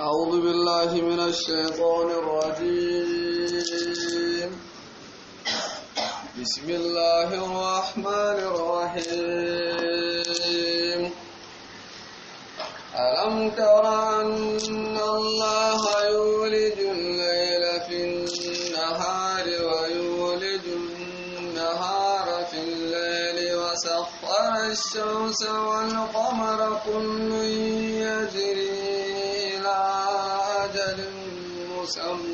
أعوذ بالله من الشيطان الرجيم بسم الله الرحمن الرحيم ألم تر أن الله يولج الليل في النهار ويولج النهار في الليل وسخر الشمس والقمر كل يجري those um,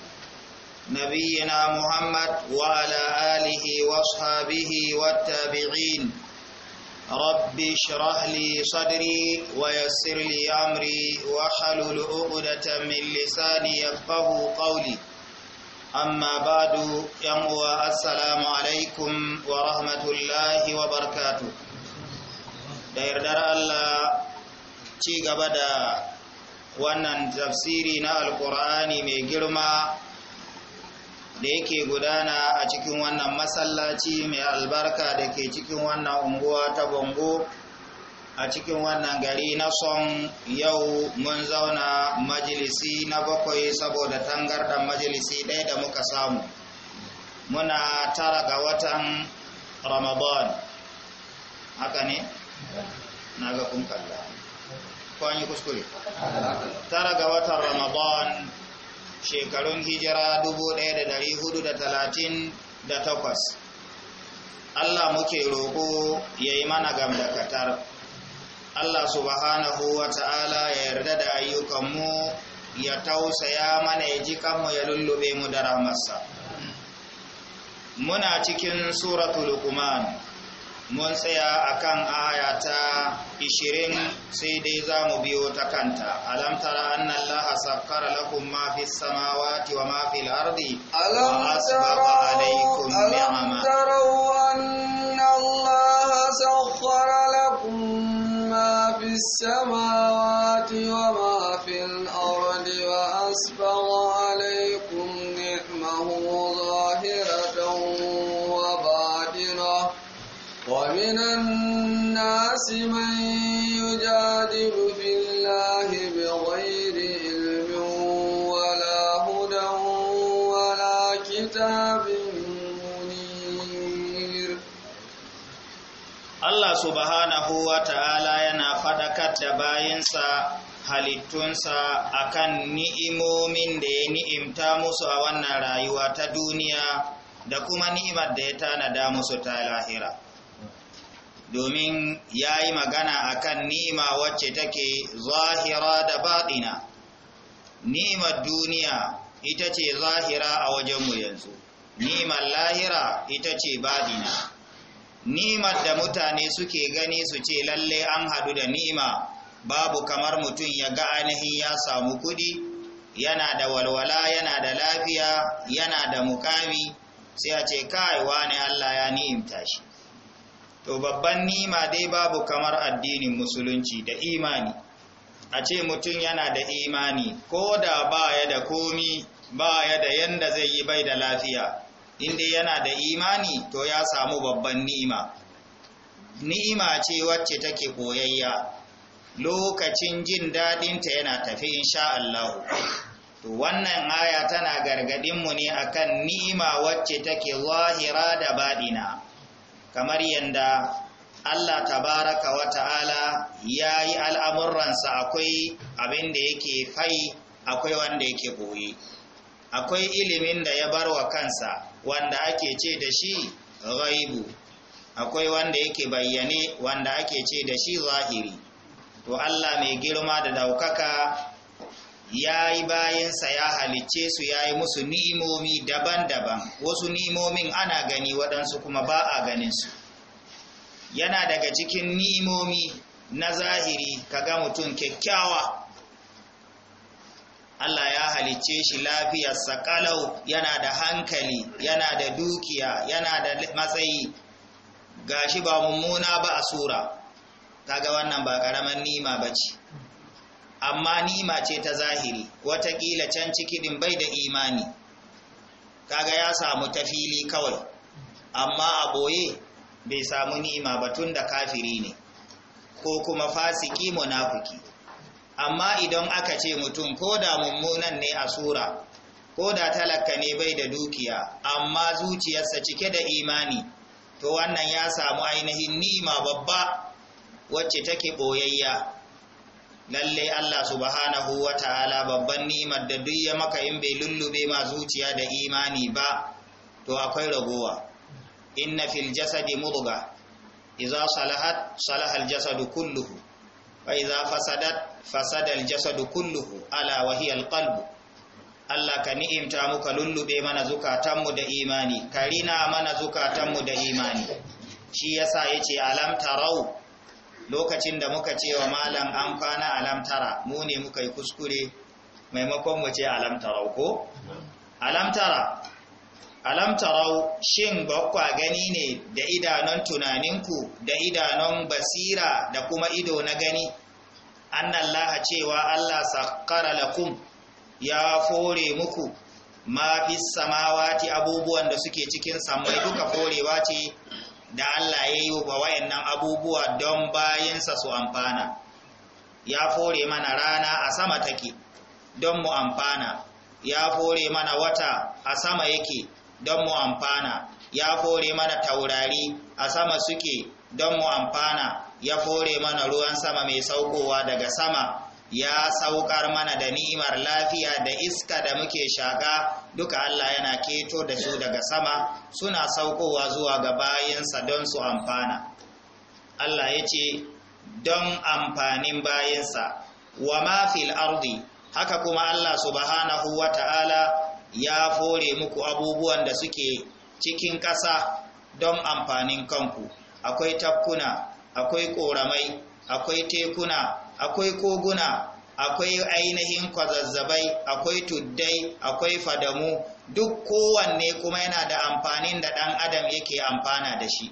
نبينا محمد وعلى آله واصحابه والتابعين رب اشرح لي صدري ويسر لي أمري وحلل عقدة من لساني يفقه قولي أما بعد يمو السلام عليكم ورحمة الله وبركاته da yardar Allah ci gaba da wannan tafsiri na alkur'ani mai girma da yake gudana a cikin wannan masallaci mai albarka da ke cikin wannan unguwa ta bango a cikin wannan gari na son yau mun zauna majalisi na bakwai saboda da majalisi ɗaya da muka samu muna tara ga watan ramadan haka ne na ga kun kalla ko kuskure tara ga watan ramadan shekarun hijira 1438 Allah muke roƙo ya yi mana gamdakatar Allah subhanahu wa ta'ala ya yarda da ayyukanmu ya tausaya mana ya ji kanmu ya lullube mu da ramarsa muna cikin suratul Luqman mun tsaya akan aya ta 20 sai dai za mu biyo ta kanta alam tara anna allaha sakkara lakum ma fis samawati wa ma fil ardi alam asbaqa alaykum ni'ama anna allaha sakkara lakum ma fis samawati wa ma fil ardi wa asbaqa الناس من يجادل في الله بغير علم ولا هدى ولا كتاب منير الله سبحانه وتعالى yana fadakar da bayansa halittunsa akan ni'imomin da ya ni'imta musu a wannan rayuwa ta duniya da kuma ni'imar da ya tanada musu ta lahira. domin ya yi magana a kan ni'ima wacce take zahira da baɗina ni'imar duniya ita ce zahira a wajenmu yanzu niman lahira ita ce baɗina Nimar da mutane suke gani su ce lalle an haɗu da ni'ima babu kamar mutum ya ga ainihin ya samu kuɗi yana da walwala yana da lafiya yana da mukami sai a ce kai ne Allah ya ni'imta shi to babban nima dai babu kamar addinin musulunci da imani a ce mutum yana da imani ko da ba ya da komi ba ya da yanda zai yi bai da lafiya inda yana da imani to ya samu babban nima. ni'ima ce wacce take koyayya lokacin jin daɗinta yana tafi insha Allah to wannan aya tana gargadinmu ne akan ni'ima wacce take zahira da baɗina kamar yadda Allah tabaraka wa ta'ala ya yi al'amuransa akwai abin da yake fai akwai wanda yake boye akwai ilimin da ya bar wa kansa wanda ake ce da shi ghaibu akwai wanda yake bayyane wanda ake ce da shi zahiri to Allah mai girma da daukaka ya yi bayansa ya halicce su ya yi musu ni'imomi daban-daban wasu ni'imomin ana gani waɗansu kuma ba a ganinsu yana daga cikin ni'imomi na zahiri ka ga mutum kyakkyawa Allah ya halicce shi lafiyarsa kalau yana da hankali yana da dukiya yana da matsayi gashi ba mummuna ba a sura kaga wannan ba ƙaramin nima ba ce amma ni'ima ce ta zahiri watakila can ciki din bai da imani kaga ya samu ta fili kawai amma a boye bai samu ni'ima ba tun da kafiri ne ko kuma fasiki munafiki amma idan aka ce mutum ko da mummunan ne a sura ko da talaka ne bai da dukiya amma zuciyarsa cike da imani to wannan ya samu ainihin ni'ima babba wacce take boyayya lalle Allah subhanahu wa ta'ala babban nimar da duk ya maka in bai lullube ma zuciya da imani ba to akwai ragowa inna fil jasadi mudga idza salahat Salahal jasadu kulluhu wa idza fasadat fasada jasadu kulluhu ala wa Allah ka ni'imta muka lullube mana zukatanmu da imani karina mana zukatanmu da imani shi yasa yace alam tarau lokacin da muka ce wa malam an kwana alamtara mu ne muka yi kuskure maimakon mu ce alamtarau ko alamtara alamtarau shin bakwa gani ne da idanon tunaninku da idanon basira da kuma ido na gani laha cewa allah sakkara lakum ya fore muku ma fi samawati abubuwan da suke cikin samai duka forewa ce da Allah ya yi wa wayannan abubuwa don bayansa su amfana ya fore mana rana a sama take don mu amfana ya fore mana wata a sama yake don mu amfana ya fore mana taurari a sama suke don mu amfana ya fore mana ruwan sama mai saukowa daga sama ya saukar mana da ni'imar lafiya da iska da muke shaka duka Allah yana keto da su daga sama suna saukowa zuwa ga bayinsa don su amfana Allah ya ce don amfanin bayansa, wa ma fil ardi haka kuma Allah subhanahu wa ta'ala ya fore muku abubuwan da suke cikin ƙasa don amfanin kanku akwai tafkuna akwai ƙoramai akwai tekuna akwai koguna akwai ainihin kwazazzabai akwai tuddai akwai fadamu duk kowanne kuma yana da amfanin da ɗan adam yake amfana da shi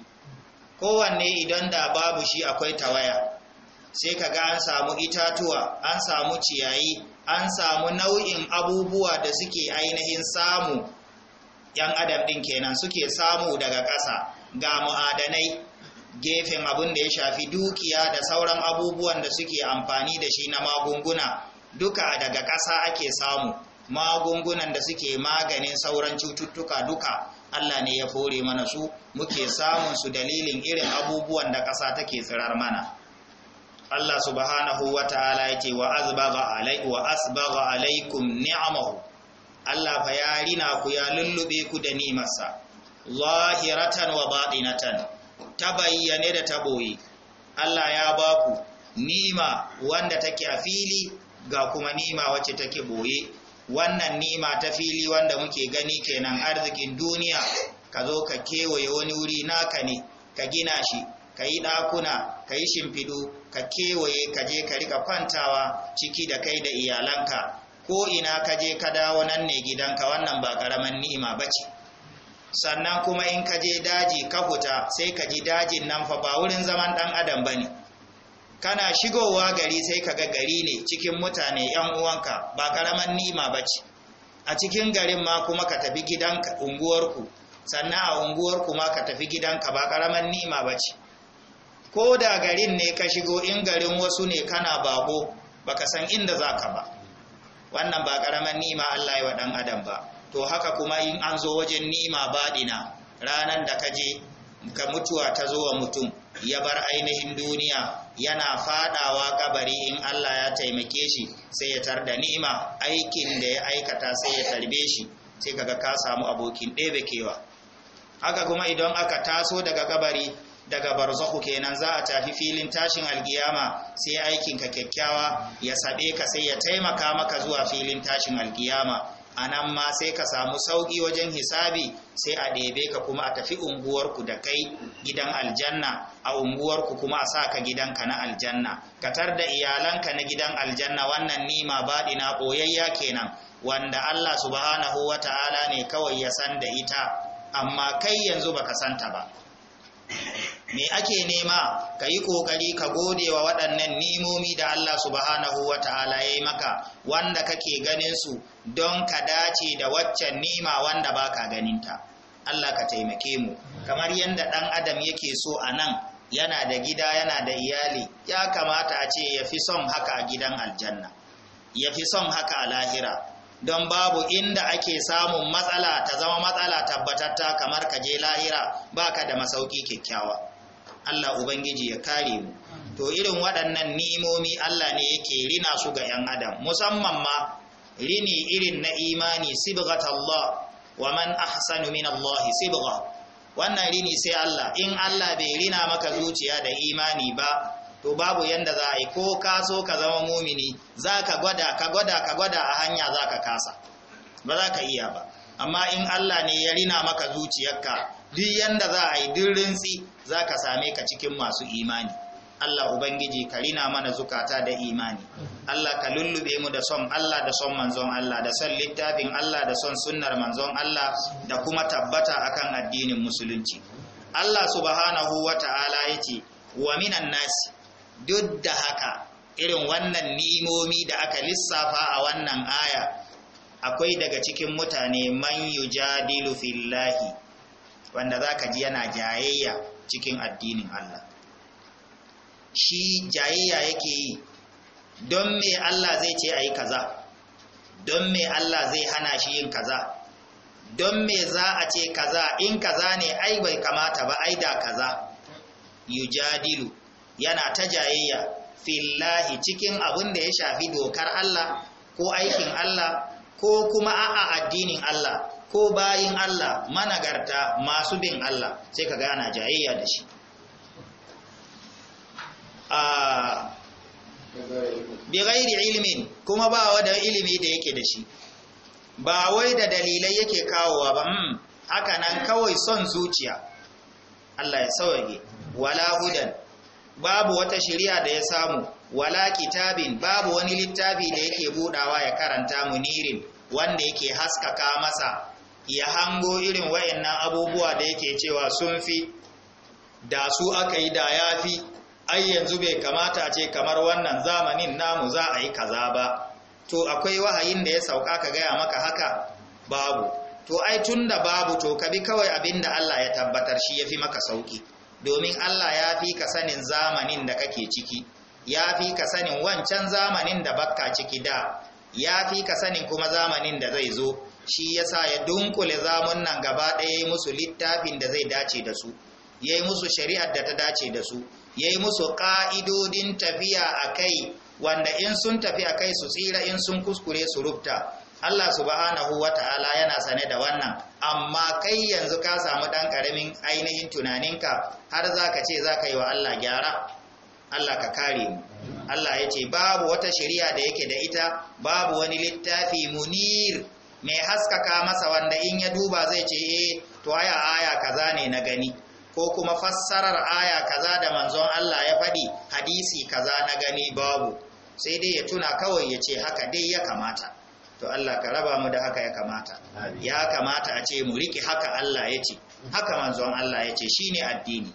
kowanne idan da babu shi akwai tawaya sai ka ga an samu itatuwa an samu ciyayi an samu nau'in abubuwa da suke ainihin samu yan adam ɗin kenan suke samu daga ƙasa ga mu'adanai gefen abin da ya shafi dukiya da sauran abubuwan da suke amfani da shi na magunguna duka daga ƙasa ake samu magungunan da suke maganin sauran cututtuka duka Allah ne ya fore mana su muke samun su dalilin irin abubuwan da ƙasa take tsirar mana Allah subhanahu wa ta'ala ya ce wa azbaga alaiku wa asbaga alaikum ni'amahu Allah fa ya rina ku ya lullube ku da nimarsa zahiratan wa batinatan tabayya ne da taboyi Allah ya ba ku nima wanda take a fili ga kuma nima wacce take boye wannan nima ta fili wanda muke gani kenan arzikin duniya ka zo ka kewaye wani wuri naka ne ka gina shi ka yi ɗakuna ka yi shimfidu ka kewaye ka je ka rika kwantawa ciki da kai da iyalanka ko ina ka je ka dawo nan ne gidanka wannan ba ƙaramin ni'ima ba ce sannan kuma in ka je daji ka huta, sai ka ji dajin nan fa ba wurin zaman ɗan adam ba ne kana shigowa gari sai ka ga gari ne cikin mutane ‘yan uwanka ba karaman nima ba a cikin garin ma kuma ka tafi gidanka unguwarku sannan a unguwarku ma ka tafi gidanka ba karaman nima ba ko da garin ne ka shigo in garin wasu ne kana bako baka san inda za ka ba wannan ba karaman nima Allah yi wa dan adam ba to haka kuma in an zo wajen nima baɗina ranar da kaje ka mutuwa ta zo wa mutum ya bar ainihin duniya yana fadawa kabari in Allah ya taimake shi sai ya tarda ni'ima aikin da ya aikata sai ya tarbe shi sai kaga ka samu abokin ɗebe kewa haka kuma idan aka taso daga kabari daga barzahu kenan za a tafi filin tashin alkiyama sai aikin ka kyakkyawa ya sabe ka sai ya taimaka maka zuwa filin tashin alkiyama a ma sai ka samu sauki wajen hisabi sai a ɗebe ka kuma a tafi unguwarku da kai gidan aljanna a unguwarku kuma a sa ka gidanka na aljanna ka tar da iyalanka na gidan aljanna wannan nima baɗina ɓoyayya kenan wanda Allah subhanahu wa ta'ala ne kawai ya san da ita amma kai yanzu baka santa ba me ake nema ka yi kokari ka gode wa waɗannan nimomi da Allah subhanahu wa ta'ala ya yi maka wanda kake ganin su don ka dace da waccan nima wanda ba ka ganinta Allah ka taimake mu kamar yadda ɗan adam yake so a nan yana da gida yana da iyali ya kamata a ce ya fi son haka a gidan aljanna ya fi son haka a lahira don babu inda ake samun matsala ta zama matsala tabbatatta kamar ka je lahira baka da masauki kyakkyawa Allah Ubangiji ya kare mu to irin waɗannan ni'imomi Allah ne yake rina su ga 'yan adam musamman ma rini irin na imani sibghat Allah wa man ahsanu min Allah sibgha wannan rini sai Allah in Allah bai rina maka zuciya da imani ba to babu yanda za a yi ko ka so ka zama mumini za ka gwada ka gwada ka gwada a hanya za ka kasa ba za ka iya ba amma in Allah ne ya rina maka zuciyarka duk yanda za a yi duk za ka same ka cikin masu imani Allah Ubangiji ka rina mana zukata da imani Allah ka lullube mu da son Allah da son manzon Allah da son littafin Allah da son sunnar manzon Allah da kuma tabbata akan addinin musulunci Allah subhanahu wa ta'ala ya ce wa minan nasi duk da haka irin wannan nimomi da aka lissafa a wannan aya akwai daga cikin mutane man yujadilu fillahi wanda za ka ji yana jayayya cikin addinin Allah shi jayayya yake yi don me Allah zai ce a yi kaza don me Allah zai hana shi yin kaza don me za a ce kaza in kaza ne ai bai kamata ba ai da kaza yujadilu yana ta jayayya fillahi cikin abin da ya shafi dokar Allah ko aikin Allah ko kuma a'a addinin Allah ko bayin Allah managarta masu bin Allah sai ka gana jayayya da shi bi ilmin kuma ba wada ilimi da yake da shi ba wai da dalilai yake kawowa ba hmm, haka nan kawai son zuciya Allah ya sauke wala hudan babu wata shari'a da ya samu wala kitabin babu wani littafi da yake budawa ya karanta munirin wanda yake haskaka masa ya hango irin wayannan abubuwa da yake cewa sun fi da su aka yi da ya fi. ai yanzu bai kamata ce kamar wannan zamanin namu za a yi kaza ba to akwai wahayin da ya sauka ka gaya maka haka babu to ai tunda babu to ka bi kawai abin da Allah ya tabbatar shi ya fi maka sauki domin Allah ya fi ka sanin zamanin da kake ciki ya fi ka sanin wancan zamanin da bakka ciki da ya fi ka sanin kuma zamanin da zai zo shi ya sa ya dunkule zamun nan gaba ɗaya yi musu littafin da zai dace da su ya yi musu shari'ar da ta dace da su ya yi musu ƙa'idodin tafiya a kai wanda in sun tafi a kai su tsira in sun kuskure su rubta Allah subhanahu wa ta'ala yana sane da wannan amma kai yanzu ka samu ɗan ƙaramin ainihin tunaninka har za ka ce za ka yi wa Allah gyara Allah ka kare mu Allah ya ce babu wata shari'a da yake da ita babu wani littafi munir mai haskaka masa wanda in ya duba zai ce eh to aya aya kaza ne na gani ko kuma fassarar aya kaza da manzon Allah ya faɗi hadisi kaza na gani babu sai dai ya tuna kawai ya ce haka dai ya kamata to Allah ka raba mu da haka ya kamata ya kamata a ce mu riƙe haka Allah ya ce haka manzon Allah ya ce shine addini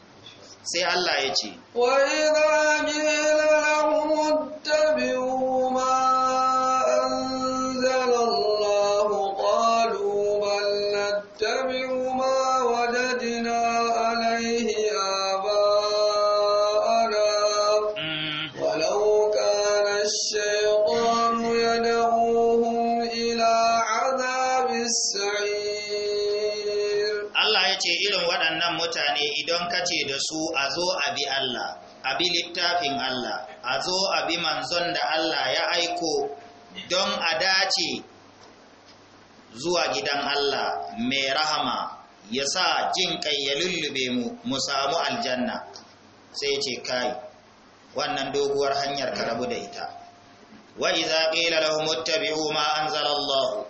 sai Allah ya ce wa idza qila lahum tabi'u. a bi littafin Allah a zo a bi manzon da Allah ya aiko don a dace zuwa gidan Allah mai rahama ya sa jin kai ya lullube mu mu samu aljanna sai ce kai wannan doguwar hanyar ka rabu da ita wa iza qila lahum ittabi'u ma anzala Allah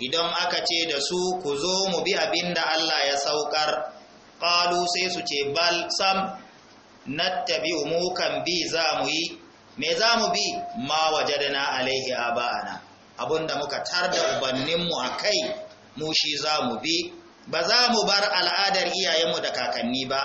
idan aka ce da su ku zo mu bi abinda Allah ya saukar qalu sai su ce bal sam nattabi'u mu kan bi za mu yi me za mu bi ma wajadana alaihi Abun abunda muka tarda ubanninmu a kai mu shi za mu bi ba za mu bar al'adar iyayenmu da kakanni ba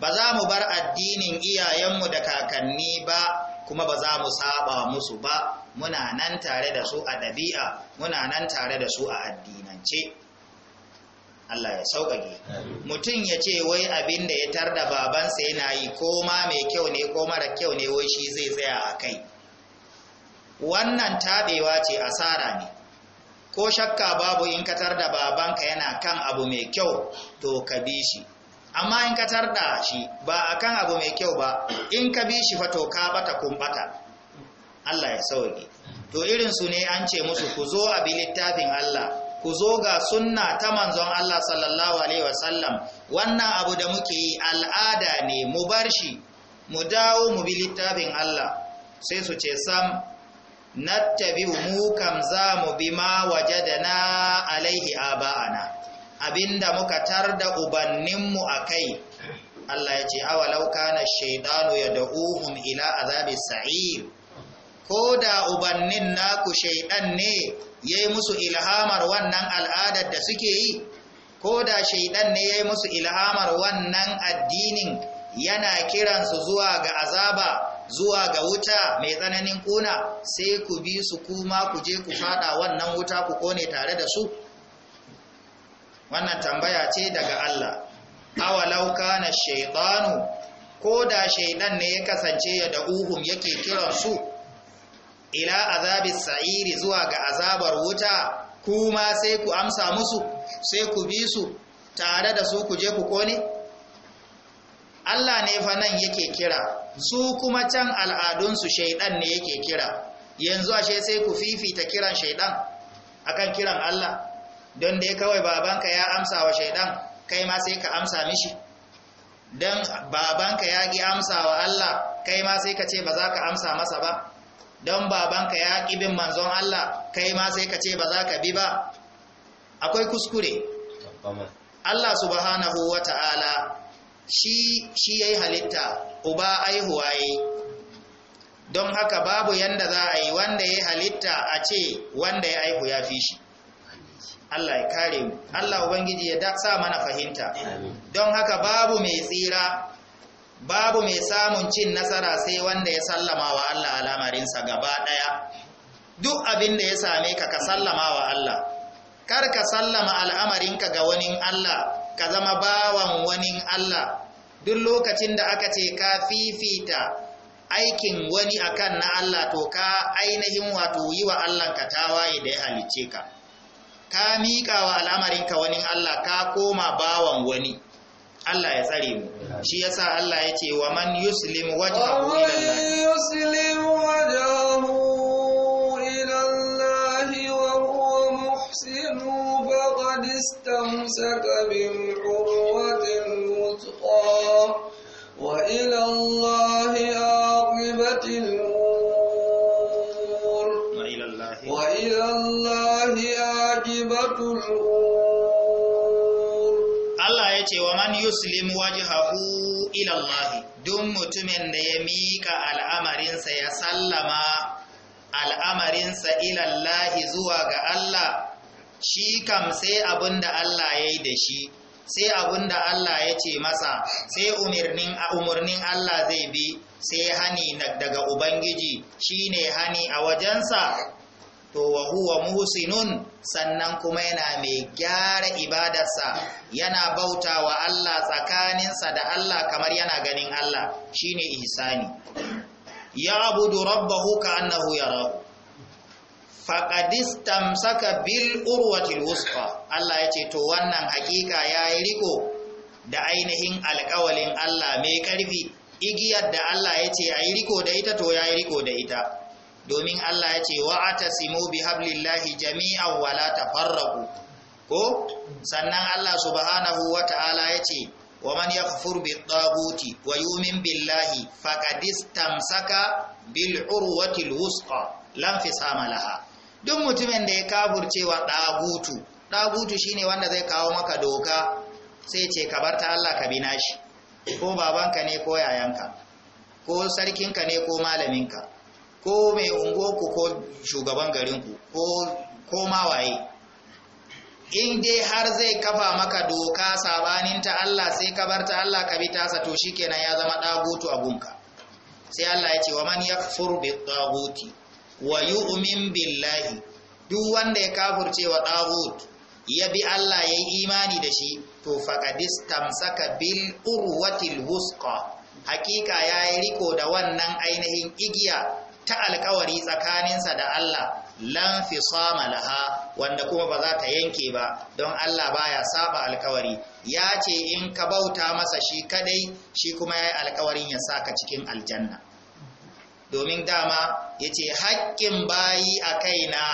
ba za mu bar addinin iyayenmu da kakanni ba kuma ba za mu saba musu ba muna nan tare da su a ɗabi'a muna nan tare da su a addinance Allah ya sauƙaƙe mutum ya ce wai abin da ya tar da babansa yana yi ko ma mai kyau ne ko mara kyau ne wai shi zai tsaya a kai wannan taɓewa ce asara ne ko shakka babu in ka tar da babanka yana kan abu mai kyau to ka bi shi amma in ka tar da shi ba a kan abu mai kyau ba in ka bi shi fa to ka bata kun Allah ya sauƙi to irin su ne an ce musu ku zo a bi littafin Allah ku zo ga sunna ta manzon Allah sallallahu alaihi wasallam wannan abu da muke yi al'ada ne mu bar shi mu dawo mu bi littafin Allah sai su ce sam nattabi mu kam za mu bi ma na alaihi aba'ana abinda muka tarda ubanninmu a kai. Allah ya ce awalau kana shaytanu yad'uhum ila azabi sa'ir ko da ubannin naku shaidan ne ya yi musu ilhamar wannan al'adar da suke yi ko da shaidan ne ya yi musu ilhamar wannan addinin yana kiransu zuwa ga azaba zuwa ga wuta mai tsananin kuna sai ku bi su kuma ku je ku fada wannan wuta ku kone tare da su wannan tambaya ce daga Allah awalau na shaidanu ko da shaidan ne ya kasance ya uhum yake kiransu ila azabi sa'iri zuwa ga azabar wuta kuma sai ku amsa musu sai ku bi su tare da su ku je ku kone Allah ne fa nan yake kira su kuma can al'adunsu shaidan ne yake kira yanzu ashe sai ku fifita kiran shaidan akan kiran Allah don dai kawai babanka ya amsa wa shaidan kai ma sai ka amsa mishi dan babanka ya gi amsa wa Allah kai ma sai ka ce ba za ka amsa masa ba don babanka ya ƙi bin manzon Allah kai ma sai ka ce ba za ka bi ba akwai kuskure Allah subhanahu wa ta'ala shi shi yi halitta uba aihuwa yi don haka babu yanda za a yi wanda yi halitta a ce wanda ya aihu ya fi shi Allah ya kare mu Allah ubangiji ya sa mana fahimta don haka babu mai tsira babu mai samun cin nasara sai wanda ya sallama wa Allah al'amarinsa gaba ɗaya duk abin da ya same ka ka sallama wa Allah kar ka sallama al'amarinka ga wani Allah ka zama bawan wani Allah duk lokacin da aka ce ka fifita aikin wani akan na Allah to ka ainihin wato yi wa Allah ka tawaye da ya halicce ka ka miƙa wa al'amarinka wani Allah ka koma bawan wani Allah ya tsare mu shi yasa Allah ya ce wa man yuslim wajhahu ila Allah yuslim wajhahu ila Allah wa huwa muhsin faqad istamsaka bil urwatil wuthqa wa ila Allah aqibatil umur wa ila Allah aqibatul umur ce wa man yuslim wajhahu ila Allah duk mutumin da ya mika al'amarinsa ya sallama al'amarinsa ila Allah zuwa ga Allah shi kam sai abinda Allah yayi yi da shi sai abinda Allah ya ce masa sai umarnin umarnin Allah zai bi sai hani daga ubangiji shine hani a wajensa to wa huwa muhsinun sannan kuma yana mai gyara ibadarsa yana bauta wa Allah tsakaninsa da Allah kamar yana ganin Allah shine ihsani ya abudu rabbahu yara. yarahu tamsaka bil urwatil wusqa Allah yace to wannan hakika yayi riko da ainihin alƙawalin Allah mai karfi igiyar da Allah yace ayi riko da ita to yayi riko da ita domin Allah ya ce wa simo bi hablillahi jami'an wa la tafarraqu ko sannan Allah subhanahu wa ta'ala ya ce wa man yakfur bi taguti wa yu'min billahi faqad istamsaka bil urwati al lam fisama laha duk mutumin da ya kafurce wa dagutu dagutu shine wanda zai kawo maka doka sai ce ka bar ta Allah ka bi nashi ko babanka ne ko yayanka ko sarkinka ne ko malaminka ko mai ku ko shugaban garinku ko mawaye in dai har zai kafa maka doka sabanin ta Allah sai ka bar ta Allah ka bi tasa to shikenan ya zama dagutu abunka sai Allah ya ce wa man yakfur bi daguti wa yu'min billahi duk wanda ya kafurce wa dagut ya bi Allah yayi imani da shi to faqadis tamsaka bil urwatil wusqa hakika yayi riko da wannan ainihin igiya ta alkawari tsakaninsa da Allah lan sama laha wanda kuma ba za ta yanke ba don Allah baya saba alkawari ya ce in ka bauta masa shi kadai shi kuma ya yi alkawarin ya saka cikin aljanna domin dama ya ce haƙƙin bayi a kaina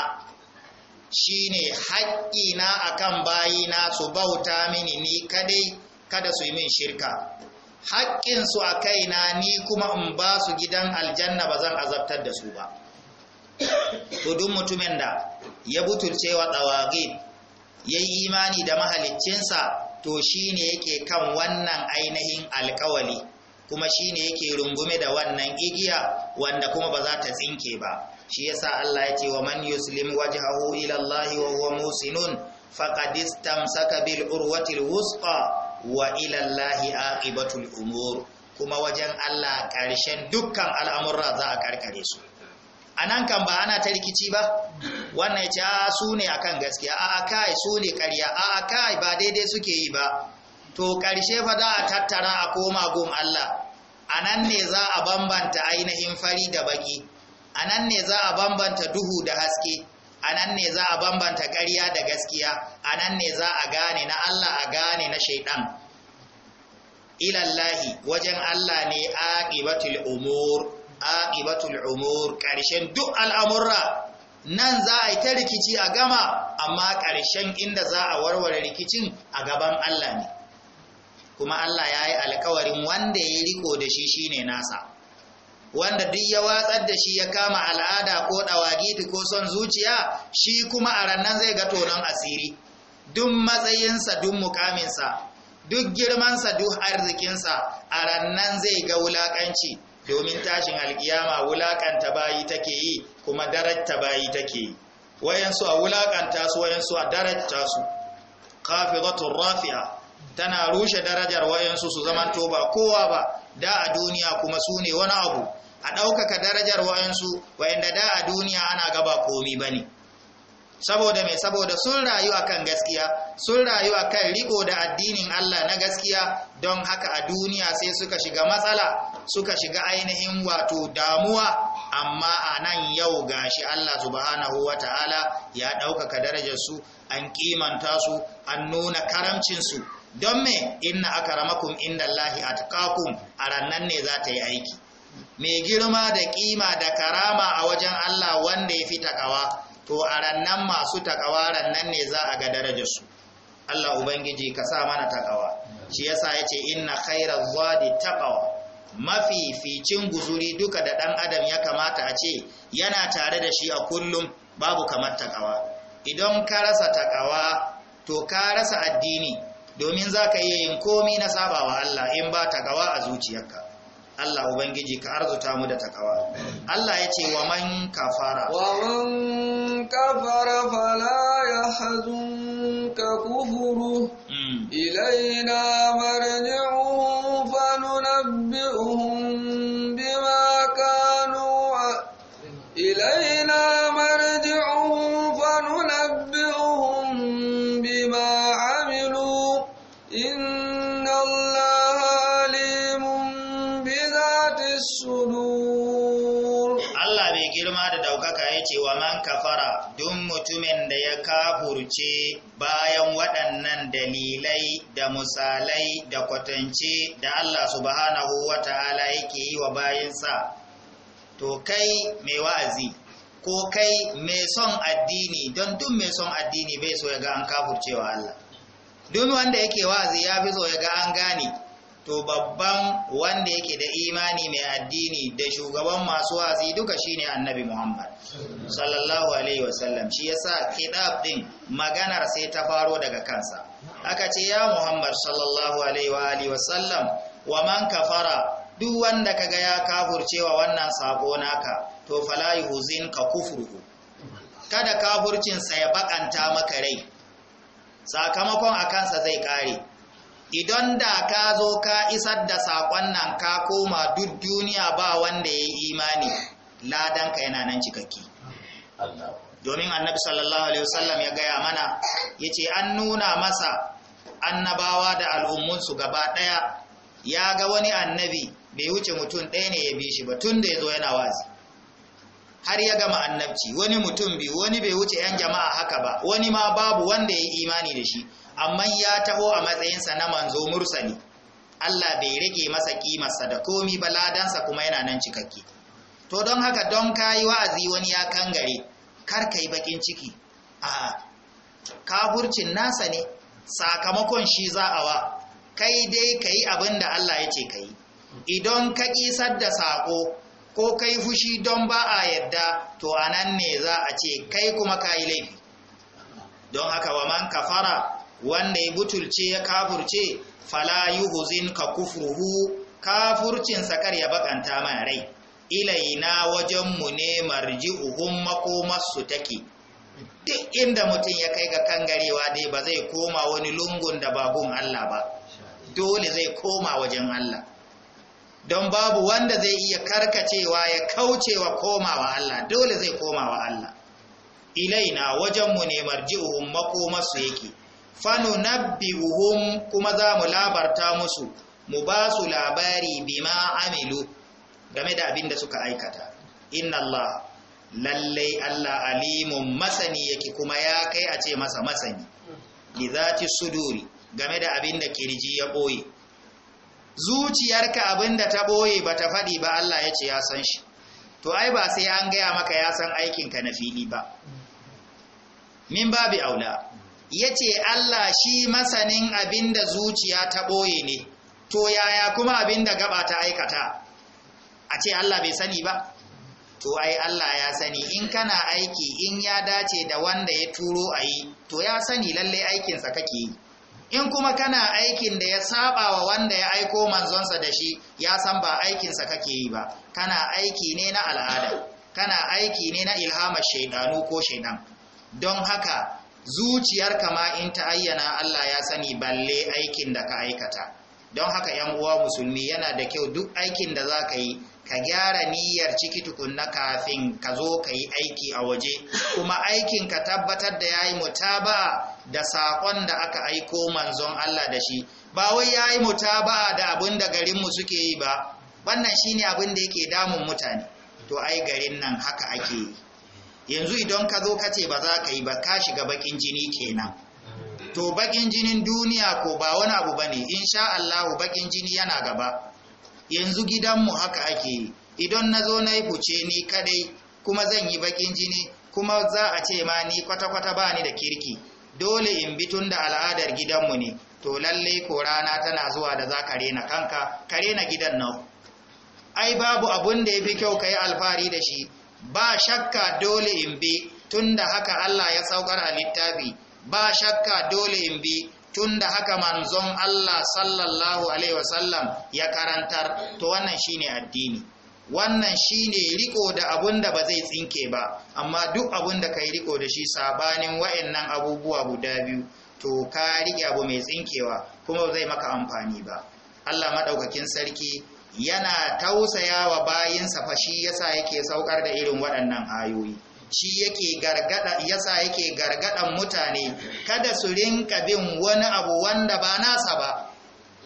shi ne haƙƙina a kan bayina su bauta mini ni kadai kada su yi min shirka su a kaina ni kuma in ba su gidan aljanna ba zan azabtar da su ba to duk mutumin da ya butulce wa tsawagi ya yi imani da mahaliccinsa to shi ne yake kan wannan ainihin alkawali kuma shi ne yake rungume da wannan igiya wanda kuma ba za ta tsinke ba shi yasa Allah ya ce wa man yuslim wajhahu ila Allah wa huwa musinun faqad istamsaka bil urwatil wusqa wa ilallahi aqibatul umur kuma wajen Allah ƙarshen dukkan al'amurra za a karkare su a nan kan ba ana ta rikici ba wannan ya ce a su ne a kan gaskiya a kai su ne ƙarya a kai ba daidai suke yi ba to ƙarshe fa za a tattara a koma gun Allah a nan ne za a bambanta ainihin fari da baki a nan ne za a bambanta duhu da haske a ne za a bambanta ƙarya da gaskiya a ne za a gane na Allah a gane na shaidan ilallahi wajen Allah ne aqibatul umur umur ƙarshen duk al'amurra nan za a yi ta rikici a gama amma ƙarshen inda za a warware rikicin a gaban Allah ne kuma Allah ya yi alkawarin wanda ya riko da shi shine nasa wanda duk ya watsar da shi ya kama al'ada ko ɗawagiti ko son zuciya shi kuma a rannan zai ga tonon asiri duk matsayinsa duk mukaminsa duk girmansa duk arzikinsa a rannan zai ga wulakanci domin tashin alkiyama wulaƙanta bayi take yi kuma darajta bayi take yi wayansu a wulaƙanta su wayansu a darajta su kafiratun rafiya. tana rushe darajar wayansu su zamanto ba kowa ba da a duniya kuma su ne wani abu a ɗaukaka darajar wayansu wayanda da a duniya ana gaba komi ba ne saboda mai saboda sun rayu akan gaskiya sun rayu akan riko da addinin Allah na gaskiya don haka a duniya sai suka shiga matsala suka shiga ainihin wato damuwa amma a nan yau ga shi Allah subhanahu ta'ala ya ɗaukaka darajarsu an kimanta su an nuna karamcinsu don me inna aka akaramakum inda Allahi a rannan ne za ta yi aiki mai girma da kima da karama a wajen Allah wanda ya fi takawa to a rannan masu takawa rannan ne za a ga darajarsu Allah ubangiji ka sa mana takawa shi yasa ce inna khairar zadi takawa mafi ficin guzuri duka da ɗan adam ya kamata a ce yana tare da shi a kullum babu kamar takawa idan ka rasa takawa to ka rasa addini domin za ka iya yin komi na sabawa Allah in ba ta gawa a zuciyarka Allah Ubangiji ka arzuta mu da takawa Allah ya ce wa man kafara wa man kafara fala ya ka kufuru hmm. ilaina marji'u mutumin da ya kafurce bayan waɗannan dalilai da misalai da kwatance da Allah subhanahu wa ta'ala yake yi wa bayansa, to kai mai wa'azi, ko kai mai son addini don duk mai son addini bai so ya ga an kafurcewa Allah. Duk wanda yake wa'azi ya fi so ya ga an gane. to babban wanda yake da imani mai addini da shugaban masu wazi duka shine annabi Muhammad sallallahu alaihi wasallam shi yasa kidab din maganar sai ta faro daga kansa aka ce ya Muhammad sallallahu alaihi wa wasallam wa man kafara duk wanda kaga ya kafurcewa wannan sako naka to fala yuhzin ka kufruhu kada kafurcin ya bakanta maka rai sakamakon akansa zai kare idan da ka zo ka isar da saƙon nan ka koma duk duniya ba wanda ya yi imani ladanka yana nan cikakki domin annabi sallallahu alaihi wasallam ya gaya mana ya ce an nuna masa annabawa da al'ummunsu gaba ɗaya ya ga wani annabi bai wuce mutum ɗaya ne ya bi shi ba tun da ya zo yana wazi har ya gama annabci wani mutum biyu wani bai wuce 'yan jama'a haka ba wani ma babu wanda ya yi imani da shi amma ya taho a matsayinsa na manzo mursali Allah bai rage masa kimarsa da komi ba ladansa kuma yana nan cikakke to don haka don kayi wa'azi wani ya kangare kar ka yi bakin ciki a kafurcin nasa ne sakamakon shi za a wa kai dai ka yi abin da Allah ya ce ka idan ka kisar da sako ko kai fushi don ba a yadda to anan ne za a ce kai kuma ka laifi don haka wa man kafara wanda ya butulce ya kafurce fala ka kufuruhu kafurcin sakar ya bakanta ma rai ilaina wajenmu ne ne marji'uhum makomarsu take duk inda mutum ya kai ga kangarewa dai ba zai koma wani lungun da babun Allah ba dole zai koma wajen Allah don babu wanda zai iya karkacewa ya kaucewa komawa Allah dole zai komawa Allah ilaina wajenmu ne ne marji'uhum makomarsu yake fanunabbi'uhum kuma za mu labarta musu mu ba su labari bima amilu game da abin da suka aikata inna Allah lallai Allah alimun masani yake kuma ya kai a ce masa masani li zati suduri game da abin da kirji ya boye zuciyarka abin da ta boye ba ta faɗi ba Allah ya ce ya san shi to ai ba sai an gaya maka ya san aikinka na fili ba min babi aula ya ce Allah shi masanin abin da zuciya ta ɓoye ne to yaya kuma abin da gaba ta aikata a ce Allah bai sani ba to ai Allah ya sani in kana aiki in ya dace da wanda ya turo a yi to ya sani lallai aikinsa kake yi in kuma kana aikin da ya saba wa wanda ya aiko manzonsa da shi ya san ba aikinsa kake yi ba kana aiki ne na al'ada kana aiki ne na ilhamar shaidanu ko shaidan don haka zuciyar ma in ta ayyana Allah ya sani balle aikin da ka aikata don haka yan uwa musulmi yana da kyau duk aikin da za ka yi ka gyara niyyar ciki tukunna kafin ka zo ka yi aiki a waje kuma aikin ka tabbatar da ya yi mutaba da sakon da aka aiko manzon Allah da shi ba wai ya yi mutaba da abin da garin suke yi ba wannan shine abin da yake damun mutane to ai garin nan haka ake yi yanzu idan ka zo ka ce ba za ka yi ba ka shiga bakin jini kenan to bakin jinin duniya ko ba wani abu bane insha Allah bakin jini yana gaba yanzu gidanmu haka ake yi idan na zo na yi fuce ni kadai kuma zan yi bakin jini kuma za a ce ma ni kwata-kwata ba ni da kirki dole in bi tun da al'adar gidanmu ne to lalle ko rana tana zuwa da za ka rena kanka ka rena gidan nan ai babu abun da ya fi kyau ka yi alfahari da shi ba shakka dole in bi tunda haka Allah ya saukar a littafi ba shakka dole in bi tunda haka manzon Allah sallallahu alaihi wasallam ya karantar to wannan shine addini wannan shine riko da abunda ba zai tsinke ba amma duk abunda da kai riko da shi sabanin wayannan abubuwa guda biyu to ka rike abu mai tsinkewa kuma zai maka amfani ba Allah madaukakin sarki yana tausaya wa bayinsa fa shi yasa yake saukar da irin waɗannan ayoyi shi yake gargada yasa yake gargadan mutane kada su rinka bin wani abu wanda ba nasa ba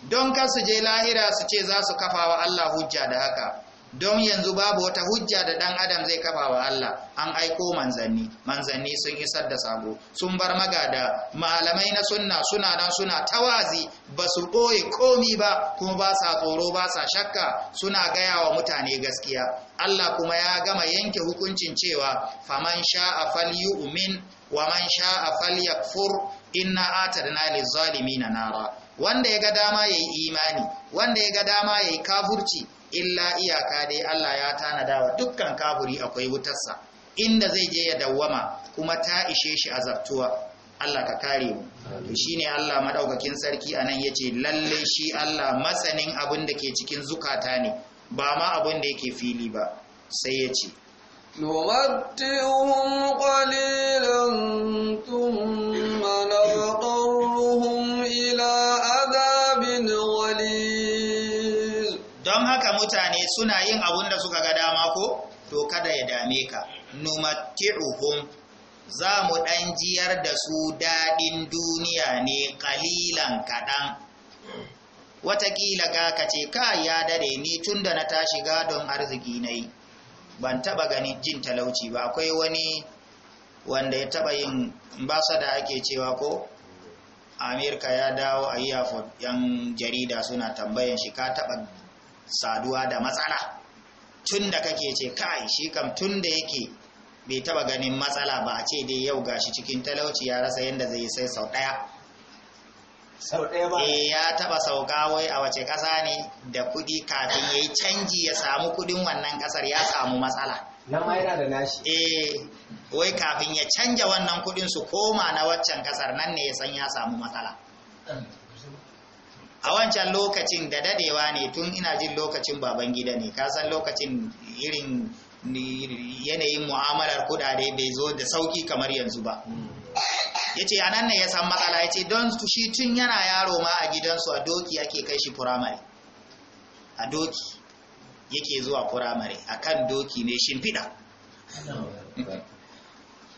don kar je lahira su ce za su kafa wa Allah hujja da haka don yanzu babu wata hujja da ɗan adam zai kafa wa Allah an aiko manzanni manzanni sun isar da sabo sun bar magada malamai na sunna suna nan suna tawazi ba su ɓoye komi ba kuma ba sa tsoro ba sa shakka suna gaya wa mutane gaskiya Allah kuma ya gama yanke hukuncin cewa faman sha'a falyu'min wa man sha'a falyakfur inna atadna lizzalimin nara wanda ya ga dama yayi imani wanda ya ga dama yayi kafurci illa iyaka dai Allah ya tanadawa dukkan kaburi akwai wutarsa inda zai je ya dawwama kuma ta ishe shi azabtuwa Allah ka kare mu to shine Allah madaukakin sarki anan yace lalle shi Allah masanin abin da ke cikin zukata ne ba ma abin da yake fili ba sai yace numatihum qalilan tum mutane suna yin abun da suka ga dama ko to kada ya dame ka numatti'uhum za mu ɗan jiyar da su daɗin duniya ne kalilan kaɗan watakila ga ka ce ka ya dare ni tunda na tashi gadon arziki nayi ban taɓa gani jin talauci ba akwai wani wanda ya taba yin basa da ake cewa ko amerika ya dawo a airport yan jarida suna tambayan shi ka taba saduwa da matsala tun da kake ce kai shi kam tun da yake bai taba ganin matsala ba a ce dai yau gashi cikin talauci ya rasa yadda zai sai sau ɗaya sau eh ya taba sauka wai a wace ƙasa ne da kuɗi kafin ya yi canji ya samu kuɗin wannan ƙasar ya samu matsala Na da nashi eh wai kafin ya canja wannan kuɗin su koma na waccan ƙasar nan ne ya san ya samu matsala a wancan lokacin da dadewa ne tun ina jin lokacin baban gida ne ka san lokacin irin yanayin mu'amalar kudade bai zo da sauki kamar yanzu ba ya ce anan ne ya san matsala ya ce don shi tun yana yaro ma a gidansu a doki ake kai shi firamare a doki yake zuwa firamare a kan doki ne shimfiɗa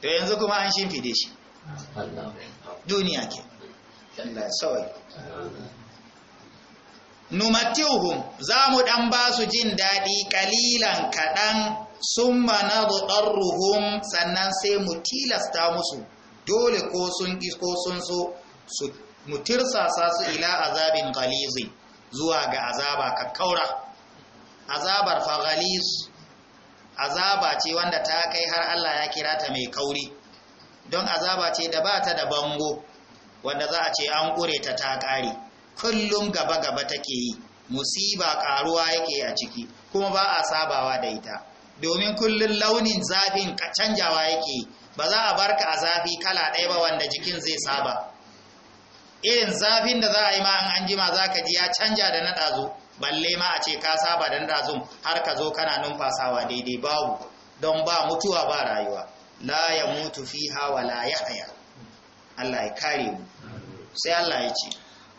to yanzu kuma an shimfide shi duniya ke sauri. numatihum za mu ɗan ba su jin daɗi ƙalilan kaɗan sun mana ruhum sannan sai mu tilasta musu dole ko sun ko sun so su mu tirsasa su ila azabin ghalizi zuwa ga azaba kakkaura azabar fa azaba ce wanda ta kai har Allah ya kira ta mai kauri don azaba ce da ba ta da bango wanda za a ce an ƙure ta ta ƙare kullum gaba-gaba take yi musiba karuwa yake a ciki kuma ba a sabawa da ita domin kullum launin zafin canjawa yake ba za a barka a zafi kala ɗaya ba wanda jikin zai saba irin zafin da za a yi ma an anjima za ka ji ya canja da naɗazu, zo balle ma a ce ka saba da na zo har ka zo kana numfasawa daidai babu don ba mutuwa ba rayuwa la ya mutu fiha hawa la ya haya Allah ya kare mu sai Allah ya ce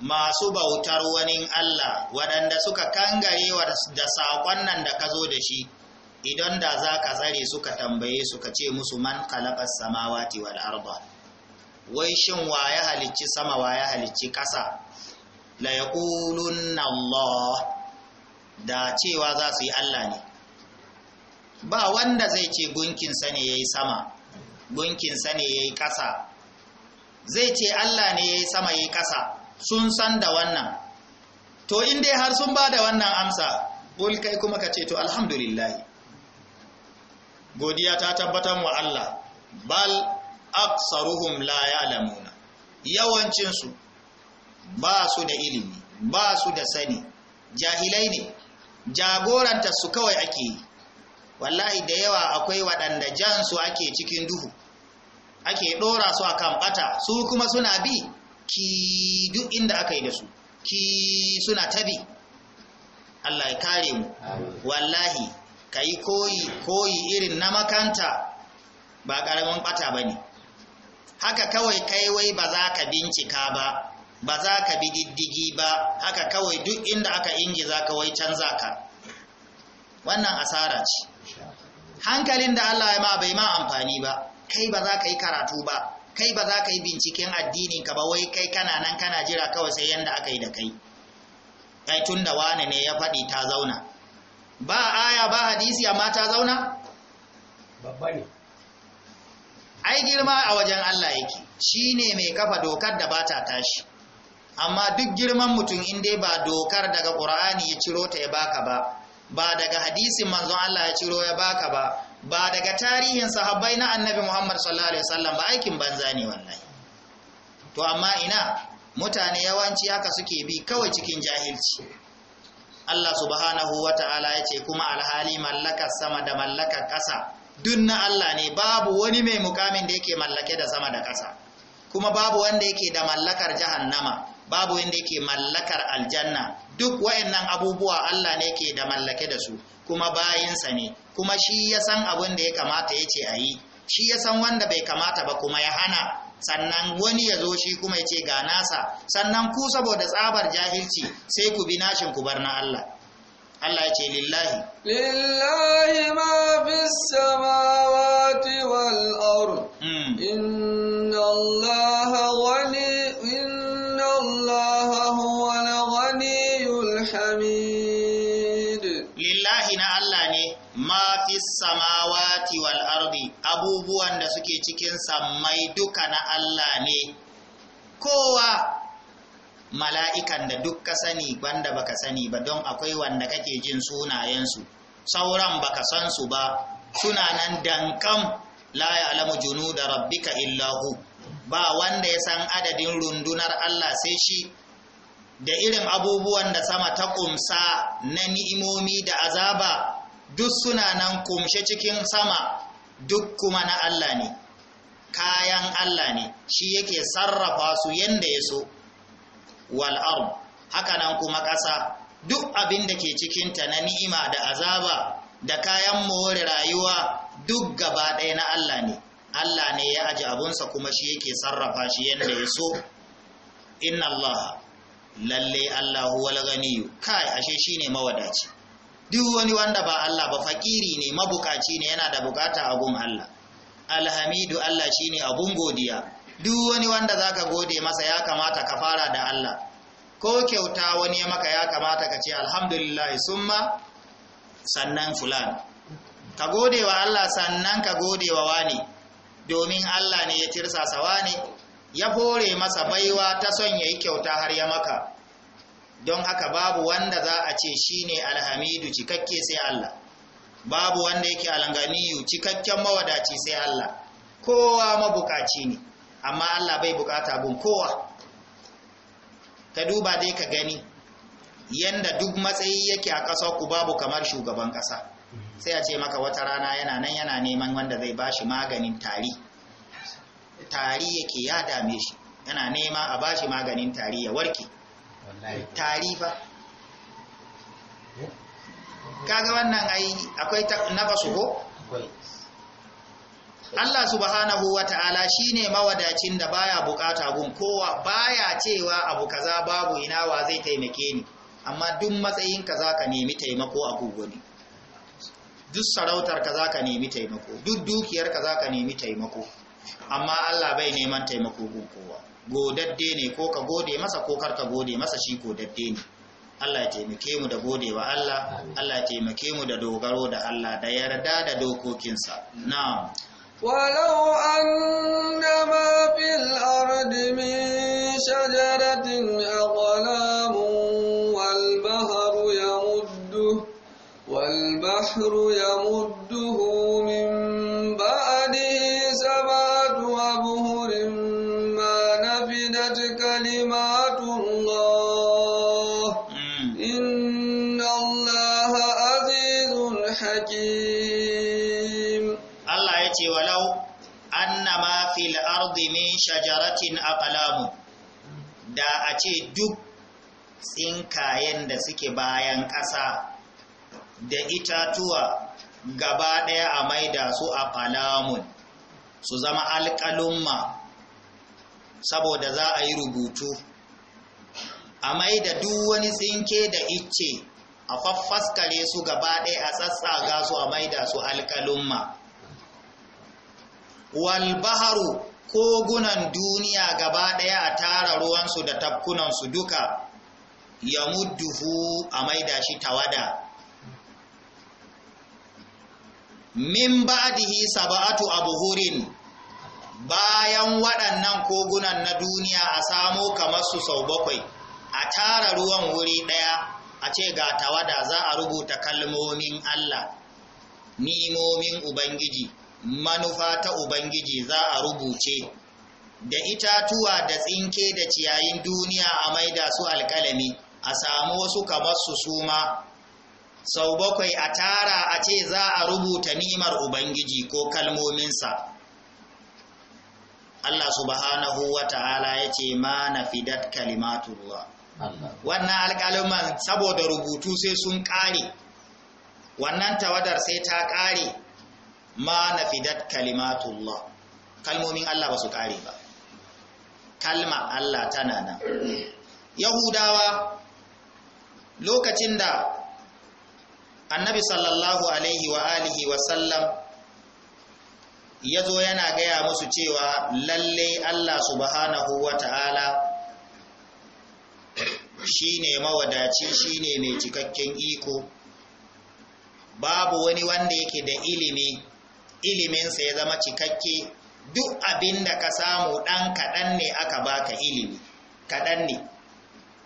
masu bautar wani Allah waɗanda suka kangare da saƙon nan da ka zo da shi idan da za ka tsare suka tambaye suka ce musu man kalabar samawati wal wai shin wa ya halicci sama wa ya halicci ƙasa la ya da cewa za su yi Allah ne ba wanda zai ce gunkinsa ne yi sama gunkinsa ne yi ƙasa zai ce Allah ne ya yi sama ya yi ƙasa sun san da wannan to in dai har sun ba da wannan amsa bul kai kuma ka ce to alhamdulillah godiya ta tabbatar wa Allah bal aksaruhum la ya'lamuna yawancin su ba su da ilimi ba su da sani jahilai ne jagoranta su kawai ake yi wallahi da yawa akwai waɗanda jansu su ake cikin duhu ake ɗora su a kan ɓata su kuma suna bi ki duk inda aka yi da su ki suna tabi Allah ya kare mu wallahi kai koyi koyi irin na makanta ba ƙaramin ɓata ba ne haka kawai kai wai ba za ka bincika ba ba za ka bi diddigi ba haka kawai duk inda aka inji za ka wai canza ka wannan asara ce hankalin da Allah ya ma bai ma amfani ba kai ba za ka yi karatu ba kai ba za ka yi binciken addini ka ba wai kai kana nan kana jira kawai sai yanda aka yi da kai kai tun da wani ne ya faɗi ta zauna ba aya ba hadisi amma ta zauna babba ai girma a wajen Allah yake ne mai kafa dokar da bata tashi amma duk girman mutum in dai ba dokar daga Qur'ani ya ciro ta ya baka ba ba daga hadisin manzon Allah ya ciro ya baka ba ba daga tarihin sahabbai na annabi Muhammad sallallahu alaihi wasallam ba aikin banza ne wallahi to amma ina mutane yawanci haka suke bi kawai cikin jahilci Allah subhanahu wata'ala ya ce kuma alhali mallakar sama da mallakar ƙasa duk na Allah ne babu wani mai mukamin da yake mallake da sama da ƙasa kuma babu wanda yake da mallakar jahannama babu wanda yake mallakar aljanna duk wayannan abubuwa Allah ne yake da mallake da su kuma bayinsa ne kuma shi ya san abin da ya kamata ya ce a yi shi ya san wanda bai kamata ba kuma ya hana sannan wani ya zo shi kuma ya ce ga nasa sannan ku saboda tsabar jahilci sai ku bi nashin ku bar na Allah Allah ya ce lillahi lillahi ma sama abubuwan da suke cikin sammai duka na Allah ne kowa mala'ikan da duk ka sani banda baka sani ba don akwai wanda kake jin sunayensu sauran baka san su ba suna nan dankam la junu da rabbika illahu ba wanda ya san adadin rundunar Allah sai shi da irin abubuwan da sama ta kumsa na ni'imomi da azaba duk suna nan kumshe cikin sama duk kuma na Allah ne kayan Allah ne shi yake sarrafa su yanda ya so wal ard haka nan kuma ƙasa duk abin da ke cikinta na ni'ima da azaba da kayan more rayuwa duk gaba ɗaya na Allah ne Allah ne ya aji abunsa kuma shi yake sarrafa shi yanda ya so inna Allah lalle Allah huwal kai ashe shine mawadaci duk wani wanda ba Allah ba fakiri ne mabukaci ne yana da bukata a gun Allah alhamidu Allah shi shine abun godiya duk wani wanda za ka gode masa ya kamata ka fara da Allah ko kyauta wani ya maka ya kamata ka ce alhamdulillah summa sannan fulan ka gode wa Allah sannan ka gode wa wani domin Allah ne ya tirsasa wani ya hore masa baiwa ta son yayi kyauta har ya maka don haka babu wanda za a ce ne alhamidu cikakke sai Allah babu wanda yake alanganiyu cikakken mawadaci sai Allah kowa mabukaci ne amma Allah bai bukata bin kowa ka duba dai ka gani yanda duk matsayi yake a ƙasar ku babu kamar shugaban ƙasa sai a ce maka wata rana yana nan yana neman wanda zai bashi maganin tari tari yake ya dame shi yana nema a bashi maganin tari ya warke tari ba eh? kaga wannan ai akwai nafasu ko Allah subhanahu wata'ala shine mawadacin da baya bukata gun kowa baya cewa abu kaza babu ina wa zai taimake ni amma duk matsayin ka za nemi taimako a gugguni duk sarautar ka za nemi taimako duk dukiyar ka za nemi taimako amma Allah bai neman taimako gun kowa godadde ne ko ka gode masa ko kar ka gode masa shi godadde ne Allah ya taimake mu da gode wa Allah Allah ya taimake mu da dogaro da Allah da yarda da dokokinsa na'am ولو أن ما في الأرض من شجرة أقلام والبحر يمده والبحر يمده shajaratin aqlamu da a ce duk tsinkayen da suke bayan ƙasa da itatuwa gaba ɗaya a maida su a su zama alƙalumma saboda za a yi rubutu a maida duk wani tsinke da icce a faffaskare su gaba ɗaya a tsatsaga su a da su alƙalumma walbaharu kogunan duniya gaba ɗaya a tara ruwansu da tafkunansu duka ya mudduhu a maida shi tawada min ba'dihi sab'atu abhurin bayan waɗannan kogunan na duniya a samo kamar su sau bakwai a tara ruwan wuri ɗaya a ce ga tawada za a rubuta kalmomin Allah nimomin Ubangiji manufa ta Ubangiji za a rubuce, da itatuwa da tsinke da ciyayin duniya a maida su alkalami, a samu wasu kamar su suma, sau bakwai a tara a ce za a rubuta ni'imar Ubangiji ko kalmominsa. Allah subhanahu wa ta'ala ya ce ma na fidat ruwa. Wannan alkalman saboda rubutu sai sun ƙare, wannan tawadar sai ta ƙare. ma na nafidat kalimatullah kalmomin Allah ba su kare ba kalma Allah tana nan yahudawa lokacin da annabi sallallahu alaihi wa alihi wa sallam ya zo yana gaya musu cewa lalle Allah subhanahu wa ta'ala shi mawadaci shine mai cikakken iko babu wani wanda yake da ilimi iliminsa ya zama cikakke duk abin da ka samu ɗan kaɗan ne aka baka ilimi kaɗan ne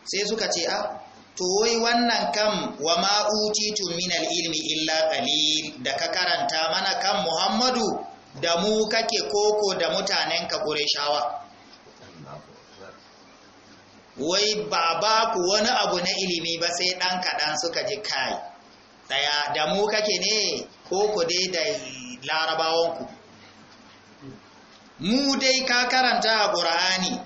sai suka ce a ah, to wai wannan kam wa ma'utitu minal ilmi illa qalil da ka karanta mana kan muhammadu da mu kake koko da mutanen mutanenka ƙureshawa wai ba ba ku wani abu na ilimi ba sai ɗan kaɗan suka ji kai ɗaya da mu kake ne koko dai da larabawanku mu dai ka karanta a ƙura'ani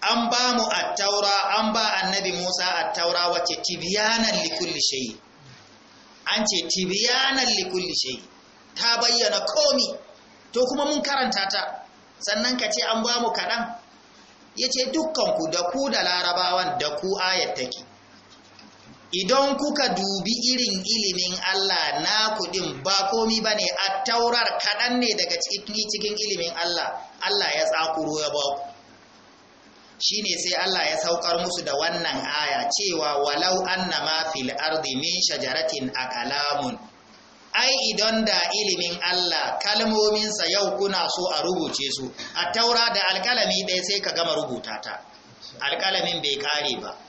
an ba mu taura, an ba annabi musa attaura wacce tibiyanan likulli shayi an ce tibiyanan likulli shayi ta bayyana komi to kuma mun karanta ta sannan ka ce an ba mu kaɗan ya ce dukkanku da ku da larabawan da ku ayat take idan kuka dubi irin ilimin Allah na kudin ba komi ba ne a taurar kaɗan ne daga cikin ilimin Allah Allah ya tsakuro ya ku. shi ne sai Allah ya saukar musu da wannan aya cewa walau anna ma fil ardi min shajaratin akalamun ai idan da ilimin Allah kalmominsa yau kuna so a rubuce su a taura da alkalami ɗaya sai ka gama rubuta ta alkalamin bai kare ba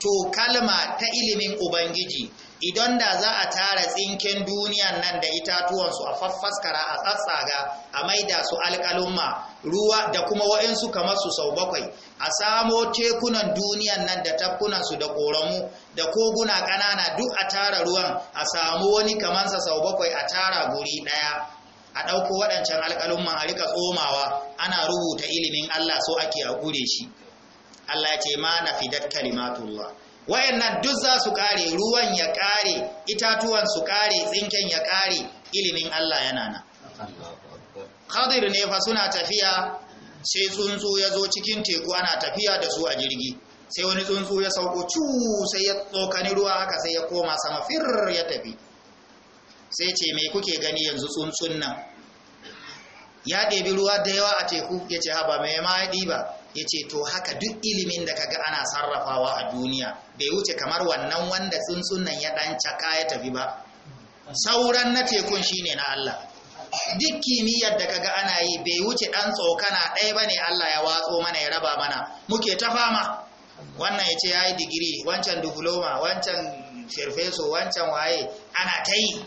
to kalma ta ilimin ubangiji idan da za a tara tsinken duniyan nan da itatuwansu a faffaskara a tsatsaga a maida su alkalumma ruwa da kuma wa'insu kamar su sau bakwai a samo tekunan duniyan nan da tafkunansu da koramu da koguna ƙanana duk a tara ruwan a samu wani kamansa sau bakwai a tara guri ɗaya a ɗauko waɗancan alkalumma a rika tsomawa ana rubuta ilimin Allah so ake a gure shi Allah ya ce ma na nafidat kalimatullah wayannan duk za su kare ruwan ya ƙare, itatuwan su ƙare, tsinken ya kare ilimin Allah yana nan Khadir ne fa suna tafiya sai tsuntsu ya zo cikin teku ana tafiya da su a jirgi sai wani tsuntsu ya sauko cu sai ya tsokani ruwa haka sai ya koma sama fir ya tafi sai ce me kuke gani yanzu tsuntsun nan ya ɗebi ruwa da yawa a teku ya ce haba mai ma ya ɗiba ya ce to haka duk ilimin da kaga ana sarrafawa a duniya bai wuce kamar wannan wanda tsuntsun nan ya ɗan caka ya tafi ba sauran na tekun shine na Allah duk kimiyyar da kaga ana yi bai wuce ɗan tsokana ɗaya ne Allah ya watso mana ya raba mana muke ta fama wannan ya ce ya yi digiri wancan diploma wancan farfeso wancan waye ana ta yi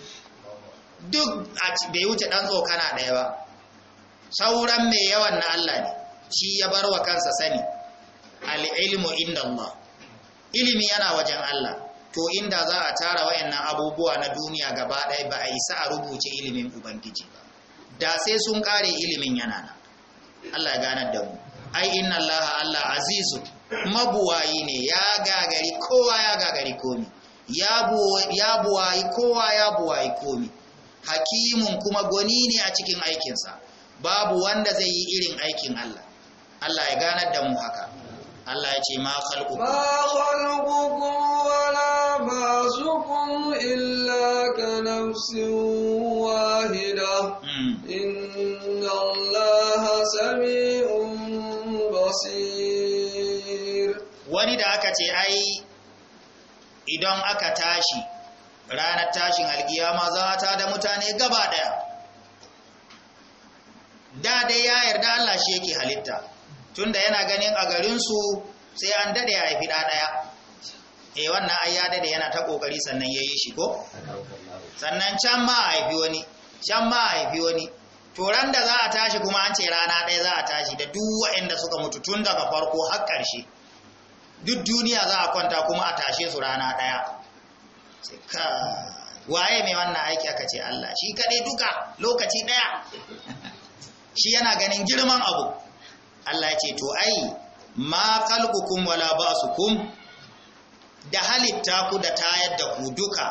duk bai wuce ɗan tsokana ɗaya ba sauran mai yawan na Allah ne shi ya bar wa kansa sani al'ilmu inda Allah ilimi yana wajen Allah to inda za a tara wayannan abubuwa na duniya gaba ɗaya ba a isa a rubuce ilimin ubangiji ba da sai sun kare ilimin yana nan Allah ya ganar da mu ai inna Allah Allah azizu mabuwayi ne ya gagari kowa ya gagari komi ya buwayi kowa ya buwayi komi hakimun kuma goni ne a cikin aikinsa babu wanda zai yi irin aikin Allah Allah ya ganar da mu haka Allah ya ce ma ba. ma khalqukum wala ba'sukum illa ka wahida hmm. inna Allah sami'un basir wani da aka ce ai idan aka tashi ranar tashin alkiyama za ta da mutane gaba daya da dai ya yarda Allah shi yake halitta tunda yana ganin a garinsu sai an dade ya haifi ɗaya eh wannan ai ya dade yana ta kokari sannan ya yi shi ko sannan can ma a haifi wani can ma a haifi wani turan da za a tashi kuma an ce rana ɗaya za a tashi da duk wa'inda suka mutu tun daga farko har ƙarshe duk duniya za a kwanta kuma a tashe su rana ɗaya waye mai wannan aiki aka ce Allah shi kaɗai duka lokaci ɗaya shi yana ganin girman abu Allah ya ce to ai ma khalqukum wala ba'sukum da halitta ku da tayar da ku duka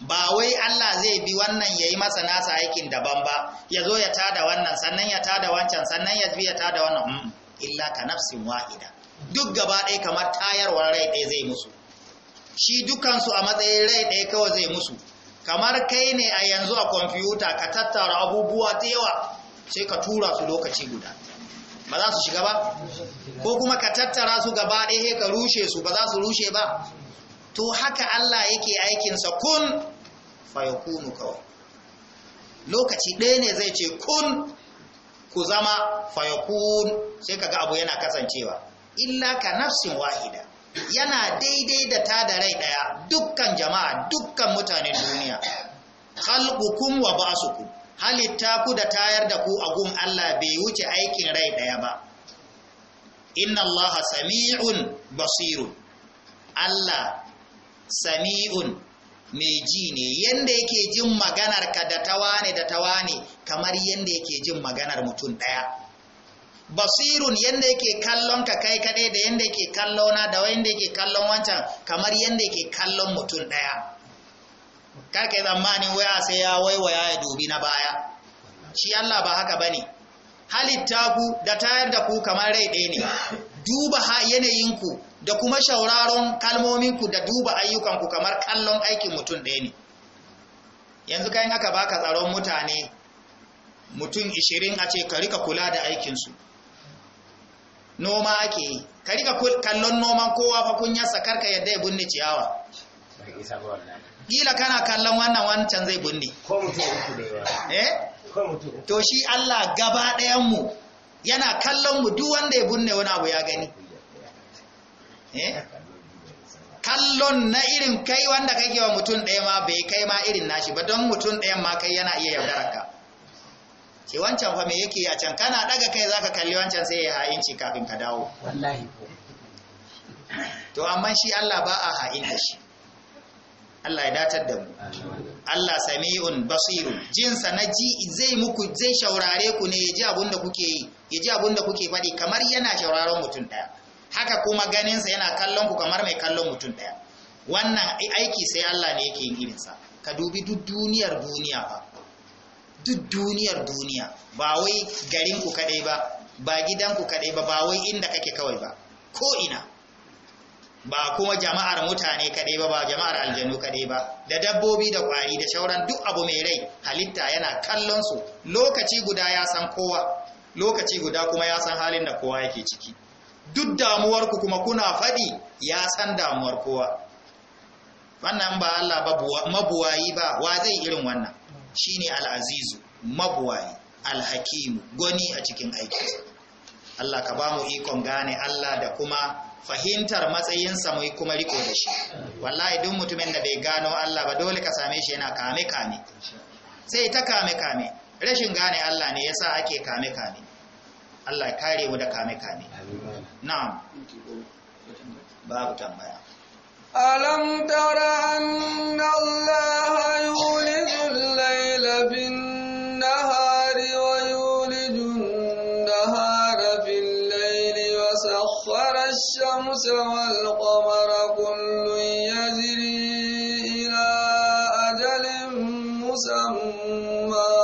ba wai Allah zai bi wannan yayi masa nasa aikin daban ba ya zo ya tada wannan sannan ya tada wancan sannan ya bi ya tada wannan mm, illa ka nafsin wahida duk gaba ɗaya kamar tayarwar rai ɗaya zai musu shi dukansu a matsayin rai ɗaya kawai zai musu kamar kai ne a yanzu a kwamfuta ka tattara abubuwa ta yawa sai ka tura su lokaci guda ba za su shiga ba ko kuma ka tattara su gaba ɗaya ka rushe su ba za su rushe ba to haka Allah yake aikinsa kun fayakunu kawai lokaci ɗaya ne zai ce kun ku zama fayakun sai ga abu yana kasancewa illa ka nafsin wahida yana daidai da ta da rai ɗaya dukkan jama'a dukkan mutanen duniya khalqukum wa ba'sukum halitta ku da tayar da ku a gun Allah bai wuce aikin rai ɗaya ba inna Allah sami'un basirun Allah sami'un mai ji ne yanda yake jin maganar ka da tawane da tawane kamar yanda yake jin maganar mutum ɗaya basirun yanda yake kallon ka kai kaɗai da yanda yake kallona da yanda yake kallon wancan kamar yanda yake kallon mutum ɗaya karka tsammanin waya sai ya waiwaya ya dubi na baya shi Allah ba haka bane halitta ku da tayar da ku kamar rai ɗaya ne duba yanayin ku da kuma shauraron ku da duba ayyukanku kamar kallon aikin mutum ɗaya ne yanzu kayan aka baka tsaron mutane mutum ishirin a ce ka rika kula da aikinsu noma ake ka rika kallon noman kowa fa kun yasa karka yadda ya binne ciyawa kila kana kallon wannan wancan zai bunne eh? to shi Allah gaba ɗayan mu yana kallon mu duk wanda ya bunne wani abu ya gani eh? kallon na irin kai wanda kake wa mutum ɗaya ma bai kai ma irin nashi ba don mutum ɗayan ma kai yana iya yaudararka ce wancan fa me yake a can kana daga kai zaka kalli wancan sai ya ha'inci kafin ka dawo to amma shi Allah ba a ha'in da shi Allah ya datar da mu Allah sami'un Basiru. jinsa na ji zai muku zai shaurare ku ne ya ji abin da kuke yi ya ji abin da kuke faɗi kamar yana shauraron mutum ɗaya haka kuma ganinsa yana kallon ku kamar mai kallon mutum ɗaya wannan aiki sai Allah ne yake yin irinsa ka dubi duk duniyar duniya ba duk duniyar duniya ba wai garin ku kadai ba ba gidan ku kadai ba ba wai inda kake kawai ba ko ina ba kuma jama'ar mutane kaɗai ba ba jama'ar aljanu kaɗai ba da dabbobi da ƙwari da shauran duk abu mai rai halitta yana kallon su lokaci guda ya san kowa lokaci guda kuma ya san halin da kowa yake ciki duk damuwar ku kuma kuna faɗi ya san damuwar kowa wannan ba Allah ba mabuwayi ba wa zai irin wannan shine al-azizu mabuwayi al-hakimu gwani a cikin aikinsa Allah ka ba mu ikon gane Allah da kuma fahimtar matsayinsa mu kuma riko da shi wallahi duk mutumin da bai gano Allah ba dole ka same shi yana kame kame sai ta kame kame rashin gane Allah ne yasa ake kame kame Allah ya kare mu da kame kame na'am babu tambaya alam tara anna Allah yuli الشمس والقمر كل يجري إلى أجل مسمى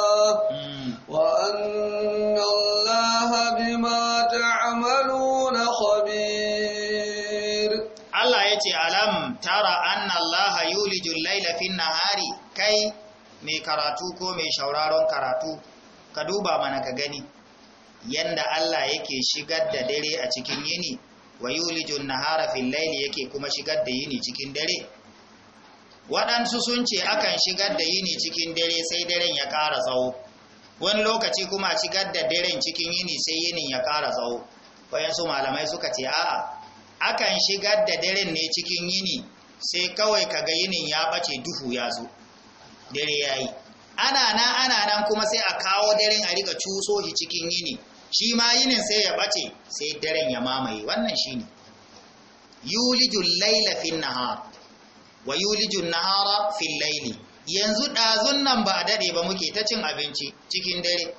وأن الله بما تعملون خبير الله يتي ألم ترى أن الله يولج الليل في النهار كي mai karatu ko mai shauraron karatu ka duba mana ka gani yanda Allah yake shigar da dare a cikin yini wa yulijun nahara fil laili yake kuma shigar da yini cikin dare waɗansu sun ce akan shigar da yini cikin dare sai daren ya ƙara tsawo wani lokaci kuma shigar da daren cikin yini sai yinin ya ƙara tsawo wayansu malamai suka ce a'a akan shigar da daren ne cikin yini sai kawai kaga yinin ya bace duhu ya zo dare yayi ana nan ana nan kuma sai a kawo daren a rika cuso shi cikin yini shi ma yinin sai ya bace sai daren ya mamaye wannan shine yuliju laila fin nahar wa Yulijun nahara fil laili yanzu ɗazun nan ba a daɗe ba muke ta cin abinci cikin dare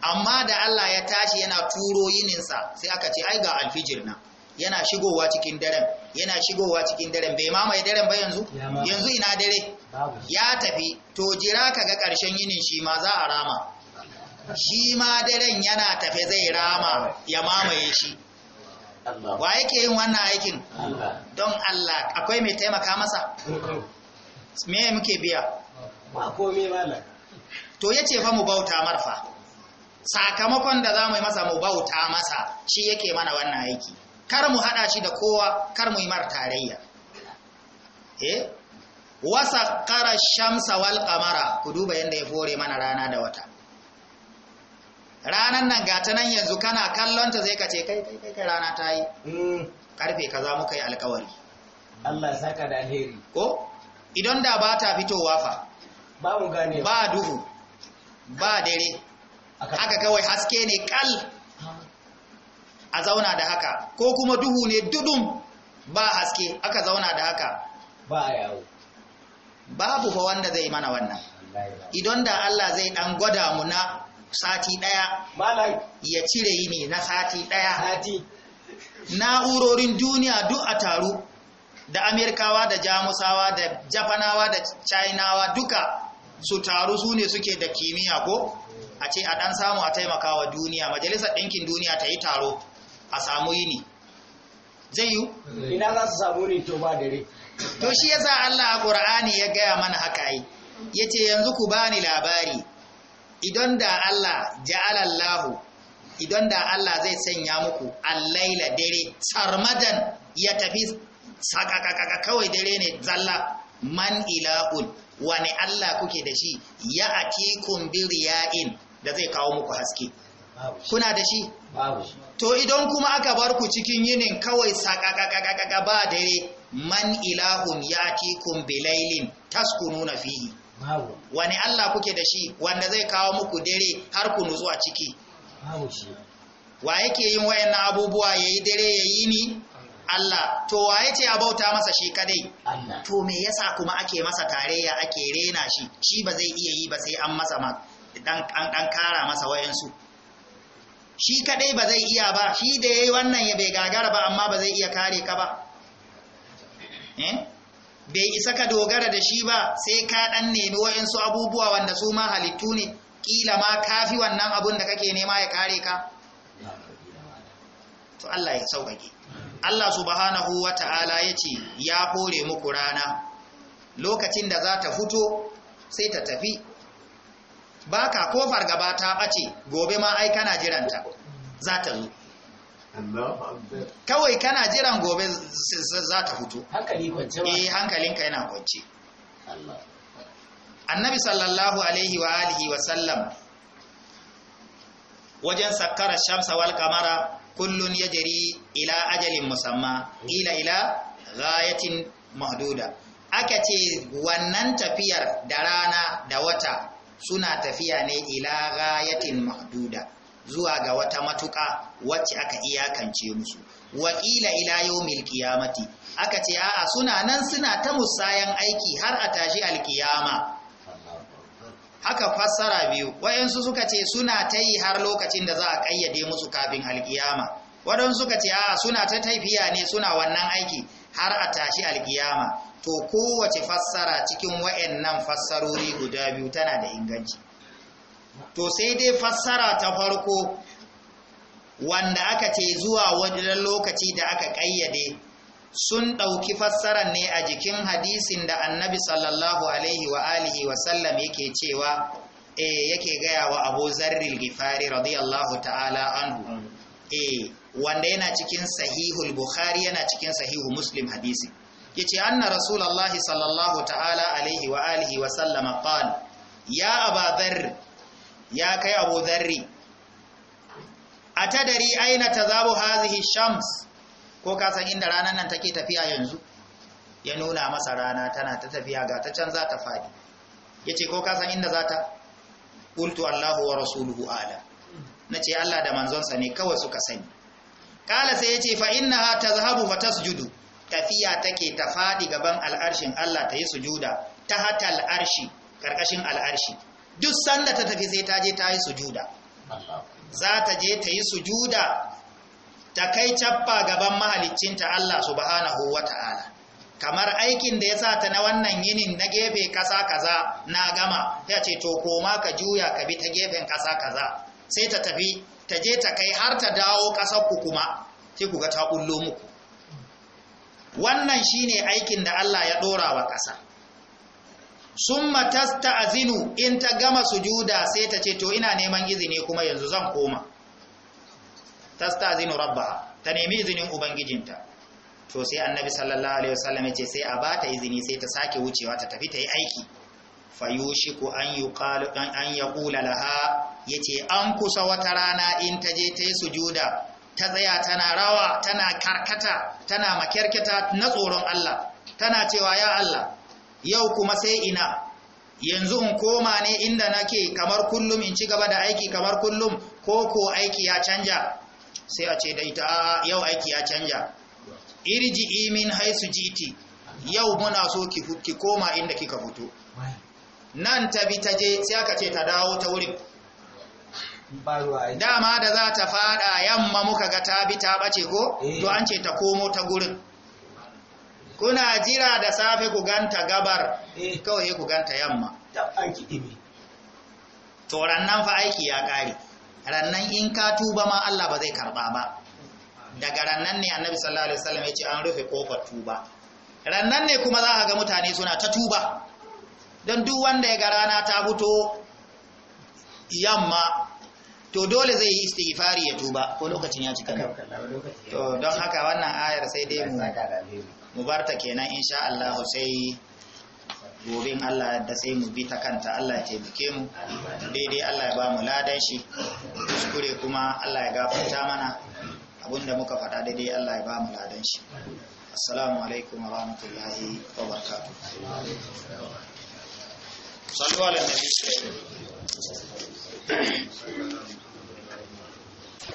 amma da Allah ya tashi yana turo yininsa sai aka ce ai ga alfijir na yana shigowa cikin daren yana shigowa cikin daren bai mamaye daren ba yanzu yanzu ina dare ya tafi to jira ka ga ƙarshen yinin shi ma za a rama shi ma daren yana tafe zai rama ya mamaye shi wa yake yin wannan aikin don Allah akwai mai taimaka masa me muke biya to ya ce fa mu bauta marfa sakamakon da za mu yi masa mu bauta masa shi yake mana wannan aiki kar mu hada shi da kowa kar mu yi mar tarayya eh wasa kara shamsa wal kamara ku duba yadda ya fore mana rana da wata ranan nan ga ta nan yanzu kana kallonta zai ka ce kai kai kai rana ta yi hmm. karfe kaza muka yi alkawari Allah saka da alheri ko idan da ba ta fitowa fa ba mu gane ba duhu ba dare haka kawai haske ne kal a zauna da haka ko kuma duhu ne dudum ba haske aka zauna da haka ba yawo babu fa wanda zai mana wannan idan da Allah zai dan gwada mu na sati ɗaya ya cire yini na sati ɗaya na'urorin duniya duk a taru da amerikawa da jamusawa da japanawa da chinawa duka su taru su ne suke da kimiyya ko a ce a ɗan samu a taimakawa duniya majalisar ɗinkin duniya ta yi taro a samu yini zai yi ina za su samu ne to ba dare to shi yasa Allah a ƙura'ani ya gaya mana haka yi yace yanzu ku bani labari idan da Allah ja'alallahu idan da Allah zai sanya muku allaila dare tsarmadan ya tafi sakakakaka kawai dare ne zalla man ila'un wani Allah kuke da shi ya atikun ya'in da zai kawo muku haske kuna da shi to idan kuma aka bar ku cikin yinin kawai sakakakaka ba dare man ila'un ya atikun bilailin taskununa fihi wani Allah kuke da shi wanda zai kawo muku dare har ku nutsu a ciki wa yake yin wayannan abubuwa yayi dare yayi ni Allah to wa ce a bauta masa shi kadai to me yasa kuma ake masa tarayya ake rena shi shi ba zai iya yi ba sai an masa ma dan kara masa wayansu shi kadai ba zai iya ba shi da yayi wannan ya bai gagara ba amma ba zai iya kare ka ba eh? bai isa ka dogara da shi ba sai ka dan nemi wa'insu abubuwa wanda su ma halittu ne kila ma kafi wannan abun da kake nema ya kare ka to Allah ya sauƙaƙe Allah subhanahu wa ta'ala ya ya hore muku rana lokacin da za ta fito sai ta tafi baka kofar gaba ta ɓace gobe ma ai kana jiranta za ta zo kawai kana jiran gobe za ta fito hankalin eh, hankalinka yana kwance annabi sallallahu alaihi wa alihi wa sallam wajen sakkara shamsa wal kamara kullun jiri ila ajalin musamma ila ila ghayatin mahduda aka ce wannan tafiyar da rana da wata suna tafiya ne ila rayatin mahduda zuwa ga wata matuƙa wacce aka iyakance musu waƙila ila yawmil qiyamati aka ce a'a suna nan suna ta musayan aiki har a tashi alkiyama haka fassara biyu wayansu suka ce suna ta yi har lokacin da za a kayyade musu kafin alkiyama wadansu suka ce a'a suna ta tafiya ne suna wannan aiki har a tashi alkiyama to kowace fassara cikin wayannan fassarori guda biyu tana da inganci to sai dai fassara ta farko wanda aka ce zuwa wajen lokaci da aka ƙayyade sun ɗauki fassara ne a jikin hadisin da annabi sallallahu alaihi wa alihi wasallam yake cewa e yake gaya wa abu zarril gifari radiyallahu ta'ala anhu e wanda yana cikin sahihul bukhari yana cikin sahihu muslim hadisi yace anna rasulullahi sallallahu ta'ala alaihi wa alihi wa sallama qala ya abadar ya kai abu zarri a ta dari, aina ta zabu hazihi shams ko kasan inda ranar nan take tafiya yanzu ya nuna masa rana tana ta tafiya ga ta can za ta faɗi ya ce ko kasan inda za ta ƙultu allahu wa rasuluhu ala na ce allah da manzonsa ne kawai suka sani kala sai ya ce fa'inna ta zahabu fa judu. tafiya take ta faɗi gaban al'arshin allah ta yi sujuda ta hata al'arshi ƙarƙashin al'arshi duk sanda ta tafi sai ta je ta yi sujuda za ta je ta yi sujuda ta kai cappa gaban mahaliccinta Allah subhanahu wata'ala kamar aikin da ya sa ta na wannan yinin na gefe kasa kaza na gama ya ce to koma ka juya ka bi ta gefen kasa kaza sai ta tafi ta je ta kai har ta dawo kasar ku kuma sai ku ga ta kullo muku wannan shine aikin da Allah ya dora wa kasa summa tasta'zinu in ta gama sujuda sai ta ce to ina neman izini kuma yanzu zan koma tasta'zinu rabbaha ta nemi izinin ubangijinta to sai annabi sallallahu alaihi wasallam ya ce sai a bata izini sai ta sake wucewa ta tafi ta yi aiki fayushiku an yuqalu an an yaqula laha yace an kusa wata rana in ta je ta yi sujuda ta tsaya tana rawa tana karkata tana makyarkata na tsoron Allah tana cewa ya Allah yau kuma sai ina yanzu in koma ne inda nake kamar kullum in ci gaba da aiki kamar kullum ko ko aiki ya canja sai a ce da ita yau aiki ya canja irji imin haisu jiti yau muna so ki koma inda kika fito nan ta bi ta je sai aka ce ta dawo ta wurin dama da za ta fada yamma muka ga ta bi ta bace ko eh. to an ce ta komo ta gurin kuna jira da safe ku ganta gabar eh. kawai ku ganta yamma to rannan fa aiki ya kare rannan in ka tuba ma Allah ba zai karba ba daga rannan ne annabi sallallahu alaihi wasallam yace an rufe kofar tuba rannan ne kuma za ka ga mutane suna ta tuba don duk wanda ya ga rana ta fito yamma to dole zai yi istighfari ya tuba ko lokacin ya cika to don haka wannan ayar sai dai mu mubarta kenan insha Allah sai gobin Allah da sai mu bi ta kanta Allah ya taimake mu daidai Allah ya ba mu ladan shi kuskure kuma Allah ya gafarta mana abinda muka faɗa daidai Allah ya ba mu ladan shi assalamu alaikum wa rahmatullahi wa barakatuh sallallahu alaihi wasallam